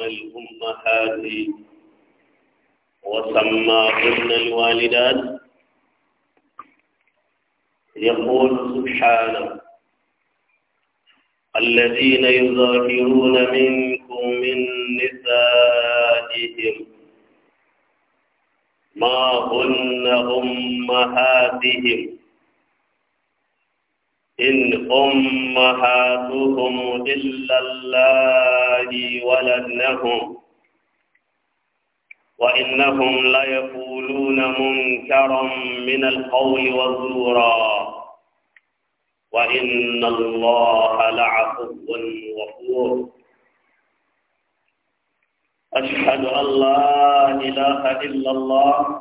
الأمهات الأمهات وسماهن الوالدات يقول سبحانه الذين يظاهرون منكم من نسائهم ما هن أمهاتهم إن أمهاتهم إلا الله ولدنهم وإنهم ليقولون منكرا من القول وزورا وإن الله لعفو غفور أشهد أن لا إله إلا الله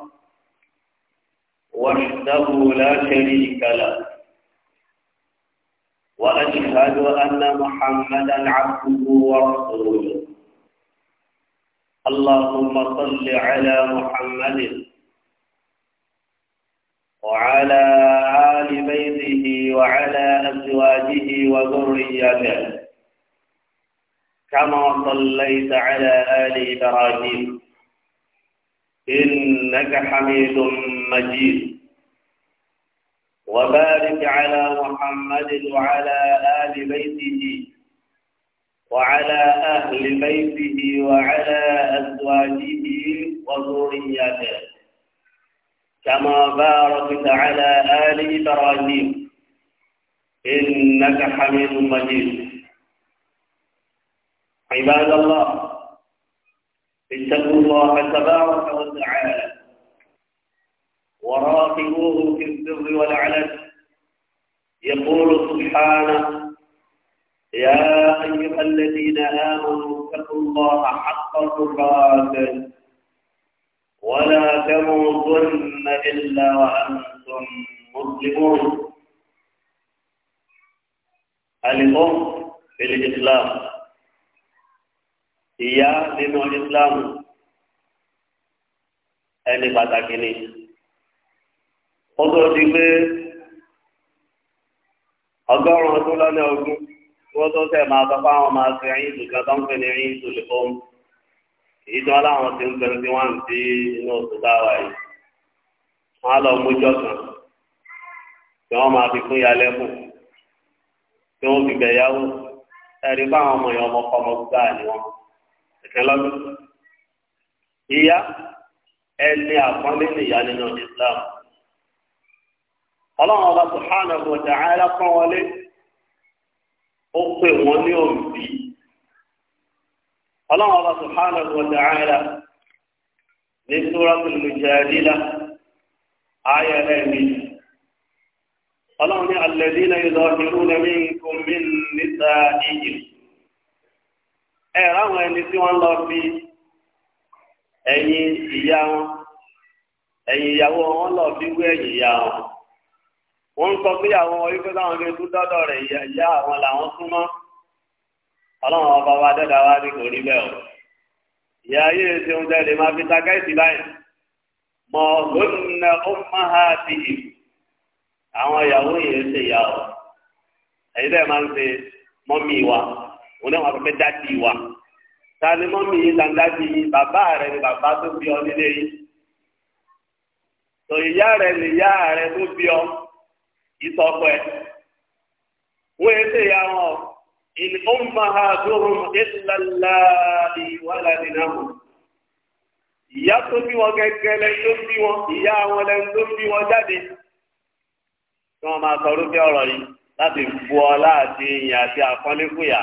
وحده لا شريك له وأشهد أن محمدا عبده ورسوله اللهم صل على محمد وعلى آل بيته وعلى أزواجه وذريته كما صليت على آل إبراهيم إنك حميد مجيد وبارك على محمد وعلى آل بيته وعلى أهل بيته وعلى أزواجه وذرياته كما باركت على آل إبراهيم إنك حميد مجيد عباد الله اتقوا الله تبارك وتعالى وراقبوه في السر والعلن يقول سبحانه يا أيها الذين آمنوا اتقوا الله حق تقاته ولا تموتن إلا وأنتم مسلمون الأم في الإسلام هي دين الإسلام أن يعني ó ti di pé ọgọ́rùn-ún ọdún lọ́nà ogún kí wọ́n tó tẹ̀ máa sọ pé àwọn máa fi ẹyin ìlú tó ń pè ní ẹyin ìlú lè èyí láwọn ti ń pẹ̀lú tí wọ́n ti inú oṣù táwa yìí wọ́n á lọ kan tí máa fi fún ọlọ́run ọba subhanahu wa ta'ala pọ́n wọlé ó pè wọ́n ní òǹbí ọlọ́run ọba subhanahu wa ta'ala ní suratul mujadila ayé ẹ̀mí ọlọ́run ní alladhina yudahiruna minkum min nisa'ihim ẹni tí wọ́n lọ fi ẹ̀yìn ìyá wọn ẹ̀yìn ìyàwó wọn lọ fi ẹ̀yìn ìyá wọn. wọ́n ń sọ pé àwọn ọmọ wípé láwọn ilé tó dọ́dọ̀ rẹ̀ ìyá àwọn làwọn súnmọ́ ọlọ́run ọba wa dẹ́dà wa ní kò rí bẹ́ẹ̀ o ìyá ayé ṣe ń tẹ́lẹ̀ máa fi takáìtì báyìí mọ̀ gómìnà ó máa ha ti ì àwọn ìyàwó yẹn ṣe ìyá o ẹ̀yin bẹ́ẹ̀ máa ń ṣe mọ́mì wa òun náà wà pẹ́ dájú wa ta ni mọ́mì yìí ta ń dájú yìí bàbá rẹ̀ ni bàbá tó bí ọ nílé yìí tò ìyá rẹ̀ ni ìyá rẹ̀ tó bí ọ. ìsọ̀pẹ́ wee ètè ya wọn in ummaha duhum ìlàlá ìwàlàdínàmù ìyá tó Ya wọn gẹ́gẹ́ lẹ́yìn tó bí wọn ìyá wọn ya jáde kí wọ́n máa sọ láti bu ọ láti ìyìn àti àpọ́nlé fúyà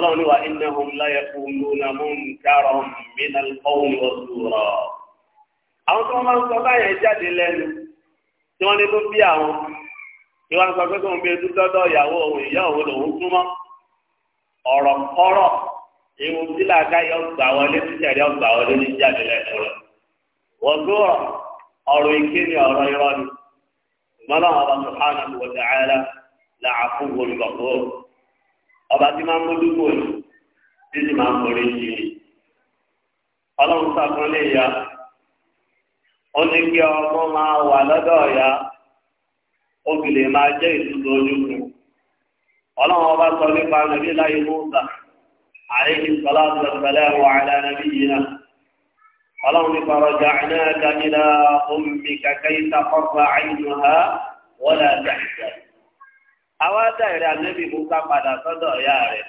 na níwà innahum la yaquluna na minal àwọn tó máa ń sọ báyẹn jáde tí wọ́n ní ló bí àwọn tí wọ́n sọ pé kóun bí etí dọ́dọ̀ ìyàwó òun ìyá òun ọ̀rọ̀ kọ́rọ̀ ewu tí làákà yọ gbà wọlé ọgbà wọlé ní jáde wọ́n tó ọ̀rọ̀ ọ̀rọ̀ irọ́ ni mọ́lá ọba subhanahu wa ta'ala làákù olùkọ́ ọba tí máa ń máa ń ọlọ́run ó ní kí ọmọ máa wà lọ́dọ̀ ọ̀yá obì lè máa jẹ́ ìtútù ojúkùn ọlọ́run ọba sọ nípa nàbí láyé mọ́tà àríkì sọlá sọ̀tẹ̀lẹ̀ wà á dáná yìí náà ọlọ́run nípa ọjà iná dáníla omi kàkà ìta kọ́kọ́ ha wọ́n dáadáa. àwa ànábì padà sọ́dọ̀ ọ̀yá rẹ̀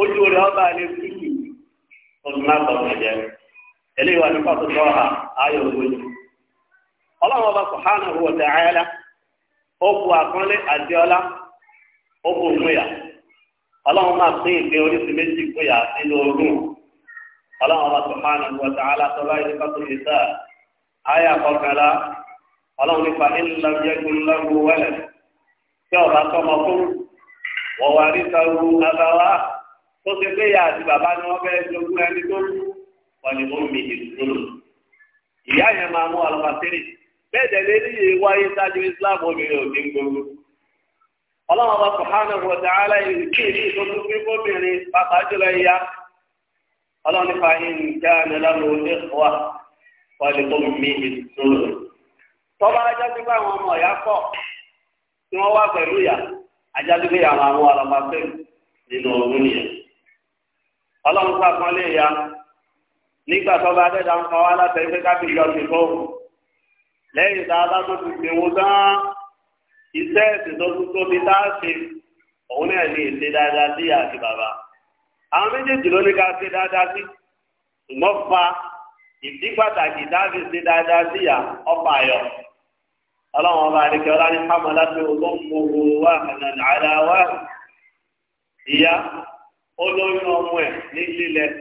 ojú rẹ̀ ọba ní ọdún eléyìí wà ní pàtó tọ́ha ayọ̀ ògbóni. ọlọ́run ọba subhanahu wa ó àkọ́lé àdéọlá ó bu ọlọ́run máa pín ìpín oríṣi méjì gbóyà nínú ogun ọlọ́run ọba subhanahu ní pàtó ọlọ́run nípa ńlá wẹ́lẹ̀ tí ọba tọmọ fún wọ̀wárí abáwá tó ti gbéyà àti bàbá wọlé omi ìdúró ìyá yẹn máa mú alùpàtẹ́rì bẹ́ẹ̀ dẹ̀lé níyì wáyé sáájú islam obìnrin ò ní gbogbo ọlọ́run ọba sọ̀hánà wọ̀ dáhàlá yìí kí tó tún fi gómìnrin pàpà ìyá ọlọ́run nípa yìí ń já tọ́ba bá tí wọ́n wá pẹ̀lú ìyá àwọn nígbà tó bá dẹ́dà ń pa wá láti ẹgbẹ́ kábíyì ọ̀sìn fún un lẹ́yìn tá a bá tó ti gbìwò tán iṣẹ́ ẹ̀sìn tó tún tóbi tá a ṣe òun náà ní ìṣe dáadáa sí àti bàbá àwọn méjèèjì ló ní ká ṣe dáadáa sí ṣùgbọ́n fa ìdí pàtàkì dáàbì ṣe dáadáa sí ìyá ọ̀pá ayọ̀ ọlọ́run ọba àdìkẹ́ ọlá ní pàmòlá tó o tó ń gbogbo wà àdá wà ìyá olóyún ọmọ ẹ̀ ní lílẹ̀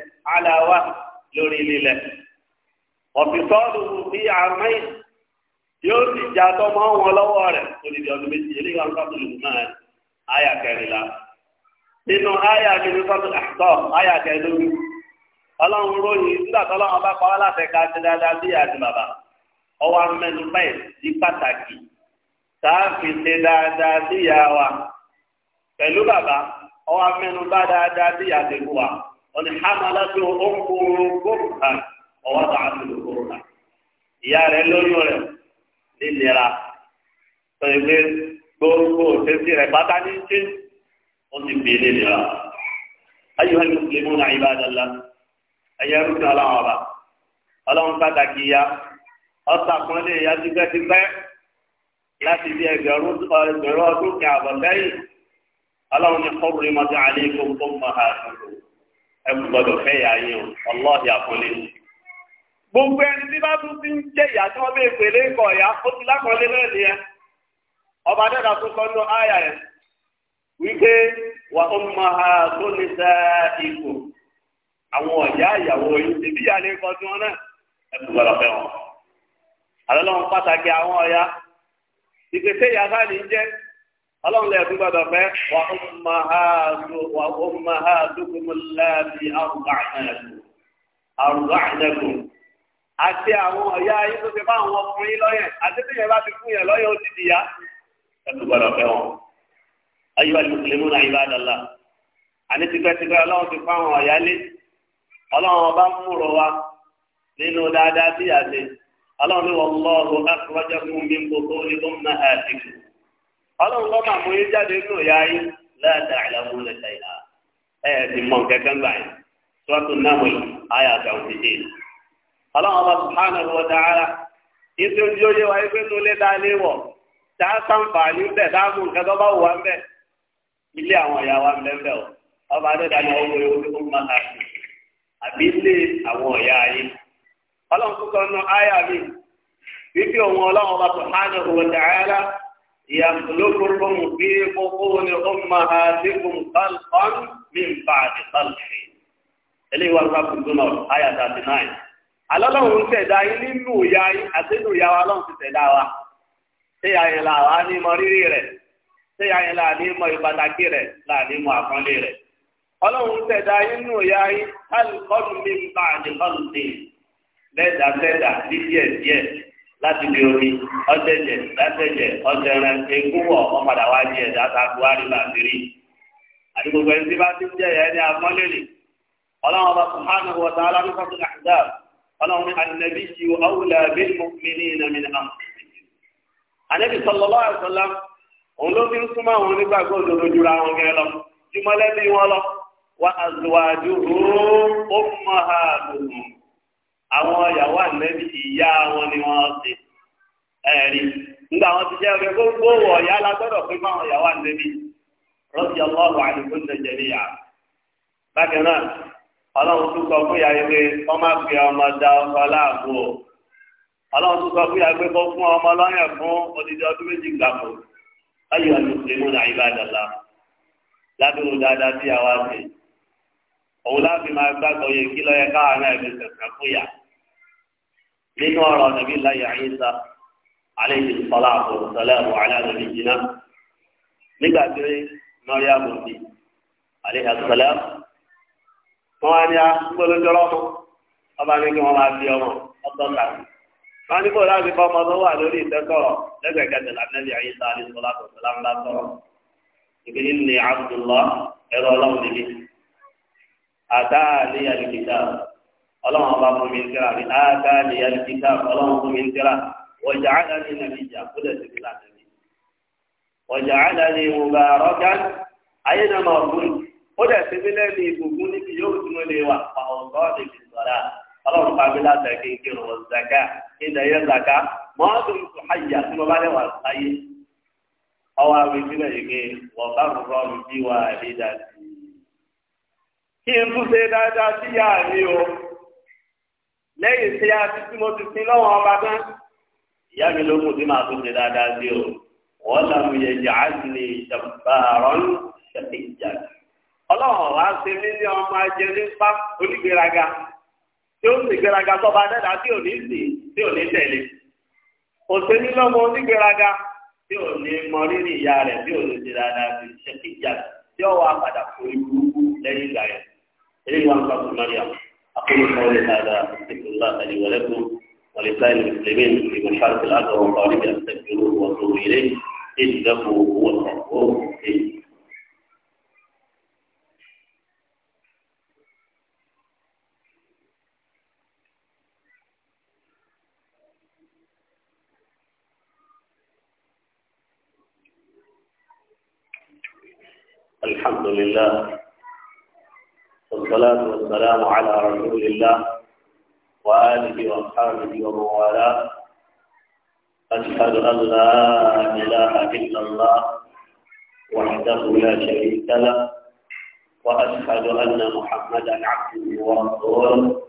lórí lílẹ̀ ọ̀fìsọ́ọ̀lù bí àmì yóò sì já tọmọ wọn lọ́wọ́ rẹ̀ olùdí ọdún méjì eléyìí náà àyà kẹrìnlá nínú àyà kẹrìnlá sọ́tò àtọ́ àyà ròyìn nígbà tó bá pa wá láti ti dáadáa bí àti bàbá pàtàkì dáadáa ìyá wa bàbá bá dáadáa ìyá wa. wọn ni hamala tó ọkùnrin gómìnà ọwọ́ bá a ti lò kórónà ìyá rẹ̀ lóyún rẹ̀ lílera tó ìwé gbogbo òṣèṣì rẹ̀ bàtà ní ṣe ó ti bí lílera ayélujára ní mùsùlùmí náà ibà dàlá ẹ̀yẹ rúkú aláwọ̀ ọba ọlọ́run pàtàkì ya ọ̀sà kan lè ya tipẹ́tipẹ́ láti bí ẹgbẹ̀rún ọdún kí àbọ̀ lẹ́yìn ọlọ́run ní kọ́bùrì mọ́tò àlékún tó mọ̀ ha ṣùgbọ́n. ẹ gbọ́dọ̀ fẹ́ yà yín o ọlọ́ọ̀dì àkọlé. gbogbo ẹni tí bá tún ti ń jẹ́ ìyá tí wọ́n bẹ pèlè ikọ̀ ìyá ó ti lákọlé náà nìyẹn. ọba dẹ́dà tó sọ nínú àyà ẹ̀ wípé wà ó mọ ha tó ní sá ipò àwọn ọ̀yá ìyàwó yìí ti ọlọ́run lè tún gbọ́dọ̀ fẹ́ wà ó máa ha dúkùmù láti àrùbá ànàkù àrùbá ànàkù àti àwọn ọ̀yá yín tó ti bá àwọn ọkùnrin lọ́yẹ̀ àti tí yẹn bá ti fún yẹn lọ́yẹ̀ ó ti dìyà ẹ̀tún gbọ́dọ̀ fẹ́ wọn. ayé wa lùkùlẹ̀ múna ayé wa dàlà àní tipẹ́tipẹ́ ọlọ́run ti fún àwọn ọ̀yá lé ọlọ́run ọba ń múrò wa nínú dáadáa tí yà ọlọ́run ní wọ́n lọ́ọ̀rù akọ̀rọ̀jẹ̀kùn ọlọ́run kọ́ máa yín jáde nínú ìyá yín láàdá ìlàmú lẹ́sà ìlà ẹ̀ ti mọ̀ kẹ́kẹ́ ńgbà yẹn sọ́tún náà wọ̀nyí ayé àgbà òfin dé. ọlọ́run ọba subhanahu wa ta'ala ìṣe ojú wa ẹgbẹ́ tó lé dáa wọ, tá a sàǹfààní bẹ̀ tá a mú nǹkan tó bá wù wá ń bẹ̀ ilé àwọn ìyá wa ń bẹ̀ bẹ̀ o ọba adéda ni ọwọ́ ewu tó máa àbí يخلقكم في بطون أمهاتكم خلقا من بعد خلق eléyìí wà lóra fún gbóná àyà thirty nine alọ́lọ́run ń tẹ̀dá yín nínú ìyá yín àti nínú ìyá wa lọ́run ti tẹ̀dá wa ṣéyà yẹn là wá ní mọ rírì rẹ̀ ṣéyà yẹn là ní mọ ìpàtàkì rẹ̀ là ní mọ àkọ́lé rẹ̀ ọlọ́run ń tẹ̀dá yín nínú ìyá yín alùpùpù mi ń bá àdìkọ́lù dé bẹ́ẹ̀ dá bẹ́ẹ̀ dá ní díẹ̀ díẹ̀ láti bí omi ọ̀tẹ̀jẹ̀ látẹ̀jẹ̀ ọ̀tẹ̀rẹ̀ egúnwọ̀ ọ̀padà wá di ẹ̀dá àtàkùn àríwá àbírí. àdìgbògbò ẹni tí bá ti ń jẹ́ ẹ̀yẹ́ ní amọ́lẹ́lì ọlọ́run ọba subhanahu wa ta'ala ní kọ́tù àdáà ọlọ́run ní ànàbí ti wọ awùlà bí mi ní iná mi ní àmọ́. ànàbí sallallahu alaihi wasallam òun ló fi ń súnmọ́ àwọn onígbàgbọ́ òdodo jura wọn gẹ́gẹ́ lọ jùmọ́lẹ́bí wọn lọ wa azwajuhu ummahatuhum àwọn ìyàwó ànẹ́bí ìyá wọn ni wọ́n ṣe ẹ̀rí nígbà wọn ti jẹ́ ọ̀rẹ́ gbogbo wọ̀ ọ̀yá alágbọ́dọ̀ pé fáwọn ìyàwó ànẹ́bí rọ́ọ̀tì ọlọ́ọ̀rọ̀ àdìgbò ń tẹ̀jẹ̀ níyà bákan náà ọlọ́run tún sọ fún ìyàwó pé wọ́n má fi ọmọ da ọkọ láàbò ọlọ́run tún sọ fún ìyàwó pé kó fún ọmọ lọ́yàn fún odidi ọdún méjì gbàgbọ́ ayọ̀ àlùfẹ́mù náà ìbàdàlà ládùúgbò dáadáa tí a òun láti máa gbàgbọ́ yẹ kí lọ́yẹ káwa náà fi sẹ̀sẹ̀ fún yàrá nínú ọ̀rọ̀ nàbí láyé àyíṣà aléyìn a gbólójọ́rọ́ mọ́ ọba ní kí wọ́n máa fi ọmọ ọtọ́ ọmọ ọlọ́run ọba fún mi ń tẹ́ra rí ááká ọlọ́run fún mi ń tẹ́ra ọjà àdáni nàbí ìjà kó dẹ̀ síbi láti mi ọjà àdáni ìwòba rọ́gá ayé náà máa fún lẹ́nu níbi yóò tún lè wà sọ̀rọ̀ ọlọ́run zàká mọ́tò bá lè wà láyé ọwọ́ àwọn ìbílẹ̀ lẹ́yìn tí a ti tí mo ti sin lọ́wọ́ ọba tán ìyá mi ló kù tí màá tún ṣe dáadáa sí o wọ́n làwọn yẹn jà á sì ní ìjàmbárọ́n ṣẹ̀fẹ̀ ìjà. ọlọ́run wá ṣe mí ní ọmọ ajé nípa onígbéraga tí ó sì gbéraga sọ́ba dẹ́dá tí ò ní sì tí ò ní tẹ̀lé. kò ṣe ní lọ́mọ onígbéraga tí ò ní mọ rírì ìyá rẹ̀ tí ò ní ṣe dáadáa sí ṣẹ̀fẹ̀ ìjà tí ó padà fún lẹ́yìn ìgbà yẹn. أقول قولي هذا أستغفر الله لي ولكم ولسائر المسلمين في مشارق الأرض ومغاربها أستغفروه وأتوب إليه إنه هو الغفور الرحيم الحمد لله والصلاة والسلام على رسول الله وآله وأصحابه ومن والاه أشهد أن لا إله إلا الله وحده لا شريك له وأشهد أن محمدا عبده ورسوله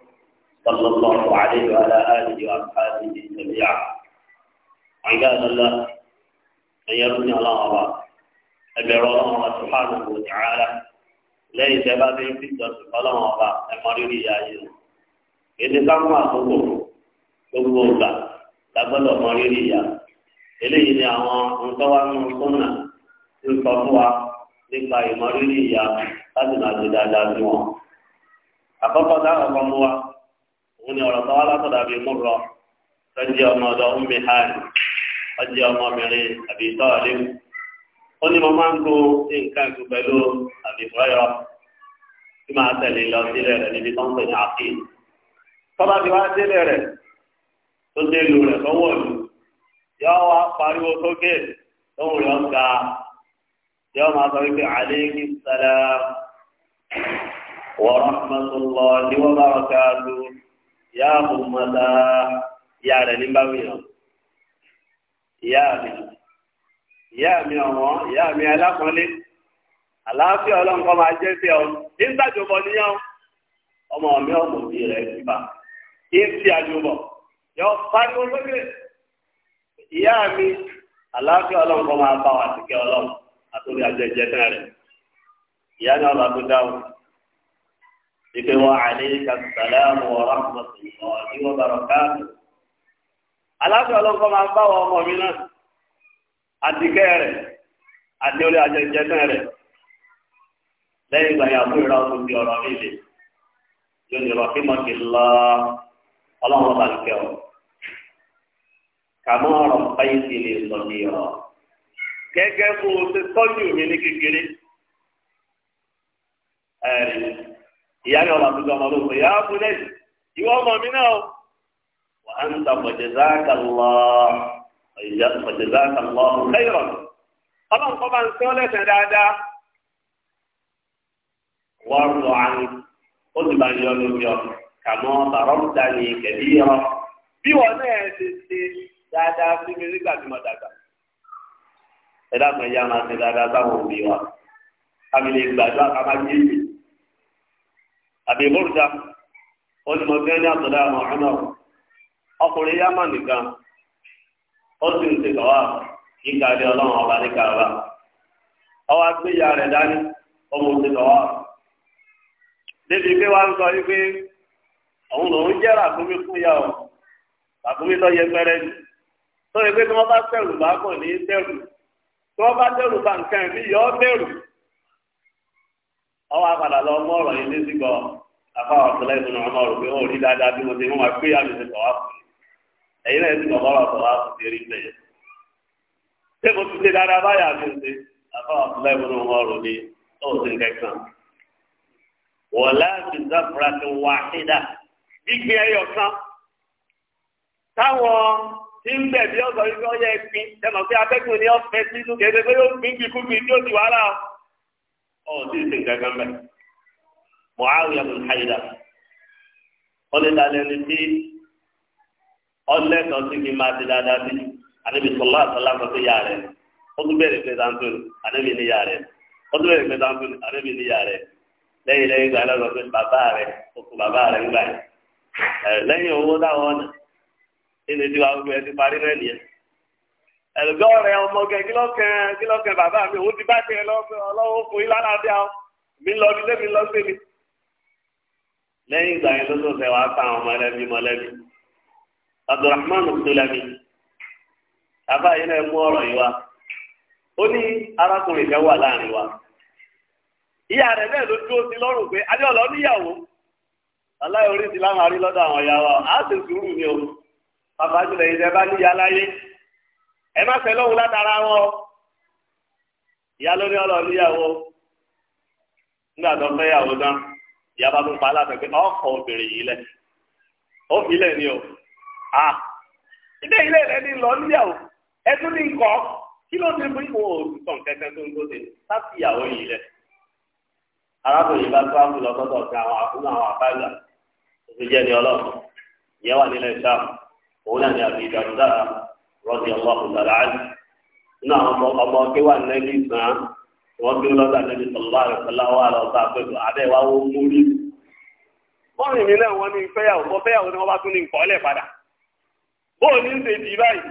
صلى الله عليه وعلى آله وأصحابه جميعا عباد الله أن يرني الله أبي الله سبحانه وتعالى lẹ́yìn tẹ́ bá fi ń fi ìjọsìn fọlọ́wọ́n ọba ẹ̀mọ́ rírì ìyá yìí o èdè sáwọn àkókò gbogbo ọgbà lágbọ́dọ̀ mọ rírì ìyá eléyìí ni àwọn ntọ́wánú sọ́nà ń sọ fún wa nípa ìmọ̀ rírì ìyá láti máa ṣe dáadáa sí wọn. àkọ́kọ́ táwọn kan mú wa òun ni ọ̀rọ̀ sọ́wọ́ látọ̀dọ̀ àbí mú rọ fẹ́ẹ́ ọmọ ọ̀dọ́ ń mi hàn ọjọ́ ọmọbìnrin ó ní mo máa ń lo nǹkan ìgbò pẹ̀lú àbíkúrẹ́yọ tí máa tẹ̀lé lọ sílẹ̀ rẹ̀ níbi tó ń pè ní àfi. tọ́ba ti wá sílẹ̀ rẹ̀ tó dé lu rẹ̀ lọ́wọ́ lu yọ wá pariwo sókè lóhùn rẹ̀ ń ga yọ máa sọ wípé alayhi salam wa rahmatullahi wa barakatuh ya ummata ìyá rẹ̀ ní báwí yàn ìyá mi ìyá mi ọ̀wọ́n ìyá mi alákọ̀ọ́lé àlàáfíà ọlọ́nkọ́ máa jẹ́ sí ọ nígbà jòbọ̀ níyàn ọmọ mi ọmọ òbí rẹ̀ bíbà kí n fi àjòbọ̀ yọ pariwo lókè ìyá mi àlàáfíà ọlọ́nkọ́ máa bá wa síkẹ́ ọlọ́run àtòrí àjẹjẹ náà rẹ̀ ìyá náà bá tó dáhùn ìpè wọ àlẹ́yìnká sàlámù ọ̀rọ̀ àmọ̀ ìwọ̀n ìwọ̀n bàrọ̀ káàdù àlàáfíà ọlọ́nkọ́ máa bá wa ọmọ mi náà àtikẹ́ rẹ̀ àti orí ajẹjẹsẹ́ rẹ̀ lẹ́yìn ìgbà yẹn àbúrò ìrà ọkùnrin bíi ọ̀rọ̀ nílé yóò ní ọ̀rọ̀ kímọ̀kì lọ ọlọ́run ọba nìkẹ́ ọ. kàmọ́ ọ̀rọ̀ báyìí ti lè sọ ní ọ. gẹ́gẹ́ bó o ti tọ́jú mi ní kékeré. ẹ̀rí ìyá ni ọba tuntun ọmọ lóko ìyá abúlé ìwọ ọmọ mi náà wà á ń tàbọ̀jẹ̀ záàkà lọ́ọ́. ọ̀jọ̀dáka lọ́wọ́ kẹ́yọ̀ ọlọ́run kọ́ bá ń sọ lẹ́sẹ̀ dáadáa wọ́n lọ àánú ó sì bá yọ lórí ọ kàmọ́ bàrọ́mùtà ní kẹ̀lí ọ bí ó sì ń ṣe kàwá kíkà dé ọlọ́run ọba ní kàwá ọwọ́ agbéyà rẹ̀ dání ọmọ òṣè kàwá débi pé wá ń sọ wípé òun lòún jẹ́ ràkúnmí fún yà ọ́ tó yẹ fẹ́rẹ́ ni tó yẹ pé tí wọ́n bá tẹ̀rù bá kò yọ ọ́ bẹ̀rù ọwọ́ lọ mọ́ ọ̀rọ̀ yìí ní rí dáadáa bí mo ti ẹ̀yin náà ti bàbá wa sọ̀rọ̀ àti ti rí bẹ́ẹ̀. ṣé mo ti ṣe dáadáa báyà mi ṣe àbá àbúláì mo náà rò ní ọ̀sẹ̀ kẹsàn ndị wọ́n láti dábàá ti wà ṣídà gbígbé ẹyọ kan. táwọn tí ń bẹ̀bí ọ̀sọ̀ yìí wọ́n yẹ tẹ̀mọ̀ pé ni ọ̀fẹ́ sínú pé kúbi tí ó ti wàhálà ọlẹ́ kan sí kí n máa ti dáadáa sí i ànábì sọlá àtàlà kan sí ìyá rẹ̀ ó tún bẹ̀rẹ̀ pé sáńtò ànábì ní ìyá rẹ̀ ó tún bẹ̀rẹ̀ pé sáńtò ànábì ní ìyá rẹ̀ lẹ́yìn lẹ́yìn gba ẹlọ́dọ̀ pé bàbá rẹ̀ òkú bàbá rẹ̀ ń gbà yẹn lẹ́yìn owó táwọn ọ̀nà nínú ìdíwà gbogbo ẹ ti parí náà nìyẹn ẹ̀lùgbọ́ rẹ̀ ọmọ kẹ kílọ̀kẹ bàbá mi òun ti bá tẹ ọlọ́wọ́ fún yín lálàáfíà mi lọ sílé mi lọ sílé lẹ́yìn ìgbà yẹn ló abdulrahman ọ̀dọ́lámi àbá yìí náà mú ọ̀rọ̀ yìí wá ó ní arákùnrin kan wà láàrin wa ìyá rẹ̀ bẹ́ẹ̀ ló dúró sí lọ́rùn pé adéọ̀lọ́ níyàwó aláìorí ti láwọn arí lọ́dọ̀ àwọn ìyàwó, "A sì sùúrù ni o bàbá jùlọ bá níyà láyé ẹ má látara wọn ìyá níyàwó nígbà tó fẹ́ yàwó tán ìyá bá pa aláfẹ́ pé ọkọ̀ yìí lẹ̀ ó fi lẹ̀ ni o. à ah. ilé ilé rẹ ni lọ níyàwó ẹtú ní nǹkan kí ló ti fún ìwọ òrùsàn kẹkẹ tó ń gbòde láti ìyàwó yìí rẹ arákùnrin bá tó àwọn ìlọsọdọ sí àwọn àkúnú àwọn àbáyà òfin jẹ ní Ọlọ́run ìyẹn wà nílẹ̀ sáà òun náà ní àbí ìdàrúdà rọdì Ọlọ́run dàdà áyì nínú àwọn ọmọ wọn gbé ó ní ṣe dì báyìí.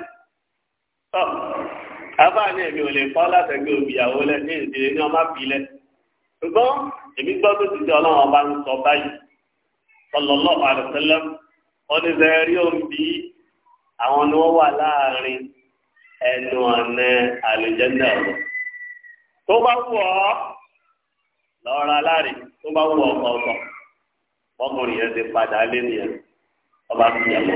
àbáyé mi ò lè fọ́ látẹ̀gbẹ́ òbíyàwó lẹ ní ìdílé ní ọmọ àbílẹ̀. ṣùgbọ́n èmi gbọ́ tó ti di ọlọ́run ọba ń sọ báyìí sallallahu alaihi wasallam rí òǹbí àwọn ni wọ́n wà láàrin ẹnu ọ̀nà àlùjẹ́ndà ọ̀rọ̀. tó bá wù ọ́ lọ́ra láre tó bá wù ọ́ ọ̀tọ̀ ọkùnrin yẹn ti padà lé nìyẹn ọba tó yẹ kó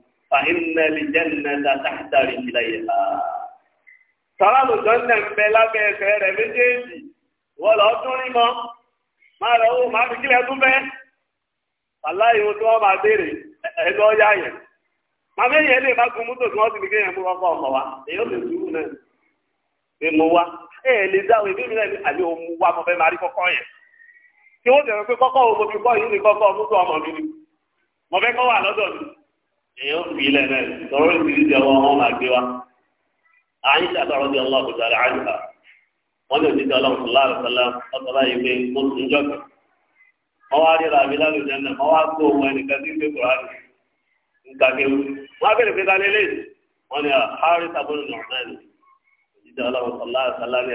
فإن الجنة تحت رجليها ترى الجنة بلا بخير مجيجي ولا تنمى ما له ما بكله تبه الله يوتوا ما ديري ẹ̀dọ́ ya yẹn máa fẹ́ yẹn lè bá gun mọ́tò tí wọ́n ti nìkan yẹn mú wọn fọ́ wa èyí ó lè dúró náà lè mú wa ẹ ẹ lè dáwọ ìbí mi náà ní àlè òun wa mo fẹ́ máa rí kọ́kọ́ yẹn kí wọ́n tẹ̀wé pé kọ́kọ́ òun mo fi kọ́ yìí ní kọ́kọ́ mọ́tò ọmọ mi ni mo fẹ́ kọ́ wà lọ́dọ̀ mi èèyàn fi ilẹ̀ náà sọ̀rọ̀ ìdílé àwọn ọmọ máa gbé wa àyìn sàtọ̀rọ̀ di ọlọ́ọ̀kú sàrẹ̀ àjùbà wọ́n lè ti dọ́lọ́ ọ̀sọ̀lá àrùsọ̀lá ọ̀sọ̀lá yìí pé mo sùn jọ́kì wọ́n wá rí ràbí lálùjẹ́ náà wọ́n wá kó ohun ẹnìkan sí pé kùránì nígbà kéwù wọ́n á bẹ̀rẹ̀ pé ta lélẹ̀ wọ́n ní àhárí ah, sábọ́nù nọ̀ọ̀mẹ́n ìdíje ọlọ́ọ̀sọ̀lá àrùsọ̀lá ní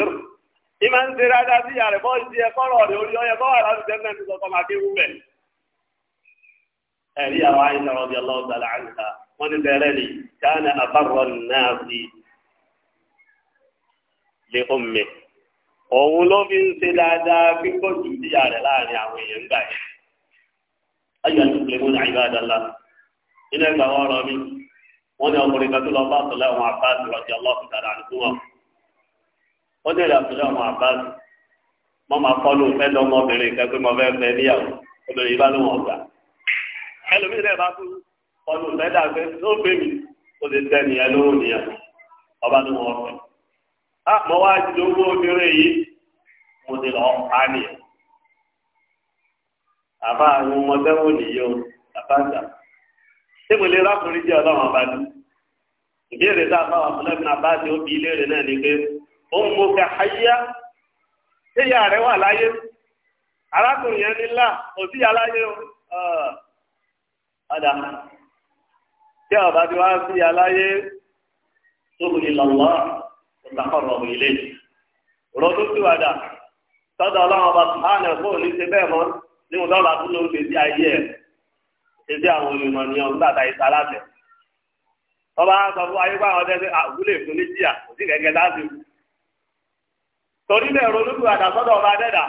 ẹ̀kọ́ ìyá ìmọ̀ ń ṣe dáadáa sí ìyá rẹ̀ bọ́ ìdí ẹ̀kọ́ rọ̀ rẹ̀ orí ọyẹ bọ́ wà láti tẹ́lẹ̀ ní máa kéwú bẹ̀. ẹ̀rí àwọn wọ́n bẹ̀rẹ̀ ni káàní àbárọ̀ náà fi lé omi. òun ló fi ń ṣe dáadáa bí kò jù sí láàrin àwọn èèyàn gbà yẹn. àti ìpínlẹ̀ ní àyíká wọ́n ó dé ìdàkúnjẹ́ ọmọ Abbas mọ́ máa kọ́ ló fẹ́ lọ́mọbìnrin kẹ́kẹ́ mọ́ fẹ́ fẹ́ níyàwó obìnrin yìí bá ló wọ̀n gbà ẹlòmíì náà bá kú ọdún fẹ́ dàgbé tó gbé mi ó ti tẹ́ nìyẹn lóró nìyẹn ọba ló wọ̀n fẹ́ á mọ wá ju owó obìnrin yìí mo ti lọ pa nìyẹn àbá àwọn ọmọdé nìyẹn o àbájá ṣé mo lè rákùnrin jẹ́ ọlọ́run ọba ìbéèrè tá a bá wà fún lẹ́gbẹ̀ẹ́ àbájá ummuka hayya tíyà rẹ̀ wà láyé arákùnrin yẹn nílá òsì yà láyé o ọ̀dà tí ọ̀bá ti wá sí láyé tóbi ìlọ̀lọ́ ìtàkọ̀rọ̀ ilé rọdún sí wàdà tọ́jà ọlọ́run ọba sùhánà fún ṣe bẹ́ẹ̀ mọ́ ní àwọn ọba sọ fún ayé ọdẹ fún níjìyà òsì láti torí bẹ́ẹ̀ ronúkú àdàsọ́dọ̀ ọba dẹ́dà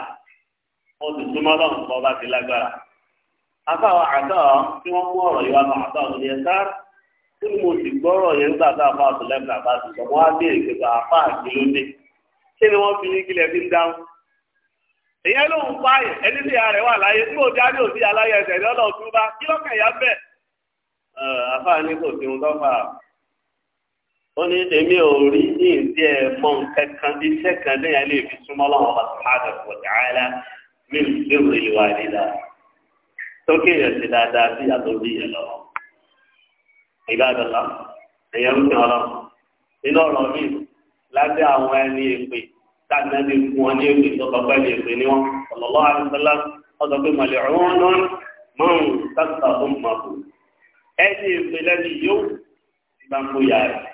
ó sì súnmọ́ lọ́run kọ́ ọba ti lágbára. afáwa àtọ́ tí wọ́n mú ọ̀rọ̀ yìí wá fún àtọ́ òní ẹ̀ká tí mo sì gbọ́rọ̀ yẹn nígbà tá a fà tó lẹ́gbà bá ti sọ wọ́n á béèrè pé bá a fà kí ló dé kí ni wọ́n fi yín kílẹ̀ fi ń dáhùn. èyí ló ń pa àyè ẹni tí wà láyé tí òde adé òsì aláyẹ ẹsẹ̀ ní ọ̀nà kí lọ́kàn yá bẹ́ẹ̀. àfáà ní kò sí ohun tó fà á ó ní èmi ò rí ní ìdí ẹ̀ mọ nǹkan kan iṣẹ́ kan lẹ́yìn alẹ́ fi súnmọ́ lọ́wọ́ bá sùpàdé kò dáhàlá mi ò lè wọ ìwà ìlà tókè yẹn ti dáadáa sí àtòbí yẹn lọ. ìbádọ́lá ẹ̀yẹ ń tẹ̀ ọ́lọ́ nínú ọ̀rọ̀ mi lábẹ́ àwọn ẹni èpè táàgbà ní fún wọn ní èpè tó kọ́ pẹ́ẹ́lí èpè ni wọn ọ̀lọ́lọ́ àdúgbòlá ọ̀sọ pé mọ̀lẹ́ ọ̀rún náà mọ̀rún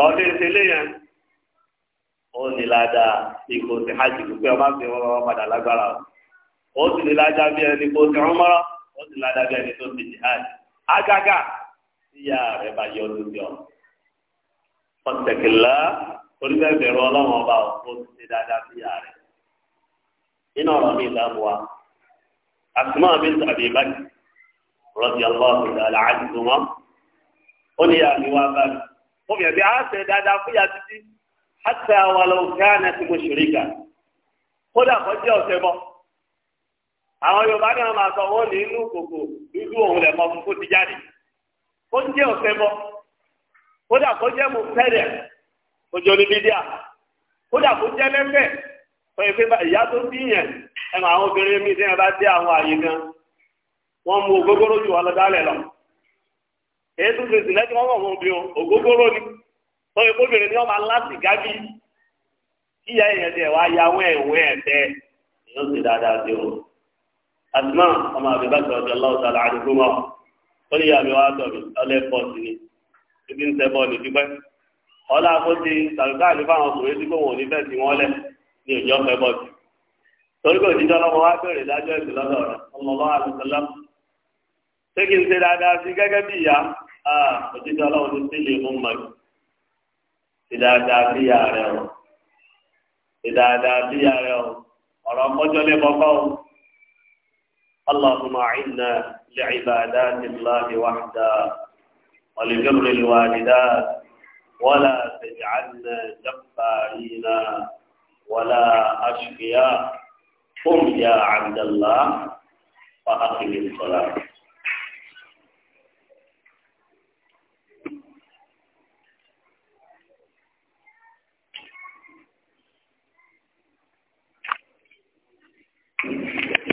tọ́lé ìṣẹ̀lẹ̀ yẹn ó ní ládàá ikọ̀ sí hajj pé ọba fi wọn wọn padà lágbára ó sì ní ládàá bí ẹni kó sí ọmọrọ ó sì ládàá bí ẹni tó ti jihad agaga tíyà rẹ bá yọ lórí ọ ọ̀tẹ̀kìlá oníbẹ̀bẹ̀rù ọlọ́run ọba ó ti ṣe dáadáa tíyà rẹ nínú ọ̀rọ̀ mi ìlànà wa asùnmọ́ mi sàbí báyìí rọ́bì aláwọ̀ ìlànà àjùmọ́ ó ní àmì wa báyìí. ó fi a pé dada ṣe dáadáa fún ìyá títí àti àwọn alọ́gánà tí mo ṣèlérí kà kódà kọ́ jẹ́ àwọn Yorùbá ní wọn sọ wọn ní inú kòkò dúdú òun lẹ̀ ti jáde kó jẹ́ ọ̀sẹ̀ mọ́ kó èyí tó fèsì lẹ́tí wọ́n wọ̀n bí ògógóró ni wọ́n fi kóbìnrin ni wọ́n máa láti gábí kíyà èèyàn tẹ̀ wá ya wọ́n ẹ̀wẹ́ ẹ̀tẹ́ èèyàn sì dáadáa sí o. àtìmọ́ ọmọ àbí bàtà ọ̀dọ̀ aláwọ̀ sàlà àdúgbò mọ́ ó ní yàrá wa sọ̀rọ̀ ọlẹ́ pọ̀ sí ni ibi ń sẹ́bọ̀ ní pípẹ́. ọlá àkóso tàbíkà ní fáwọn ọkùnrin tí kò wọ́n ní fẹ́ẹ̀sì wọn lẹ̀ ní òjò ọ̀fẹ́ bọ̀ sí. torí kò tegil te دافي da si gaga biya a o ti da lawo ti le mo ma ti da da biya re o ti da اللهم اعنا لعبادات الله وحدا ولبر الوالدات ولا تجعلنا جبارين ولا اشقياء قم يا عبد الله فاقم الصلاه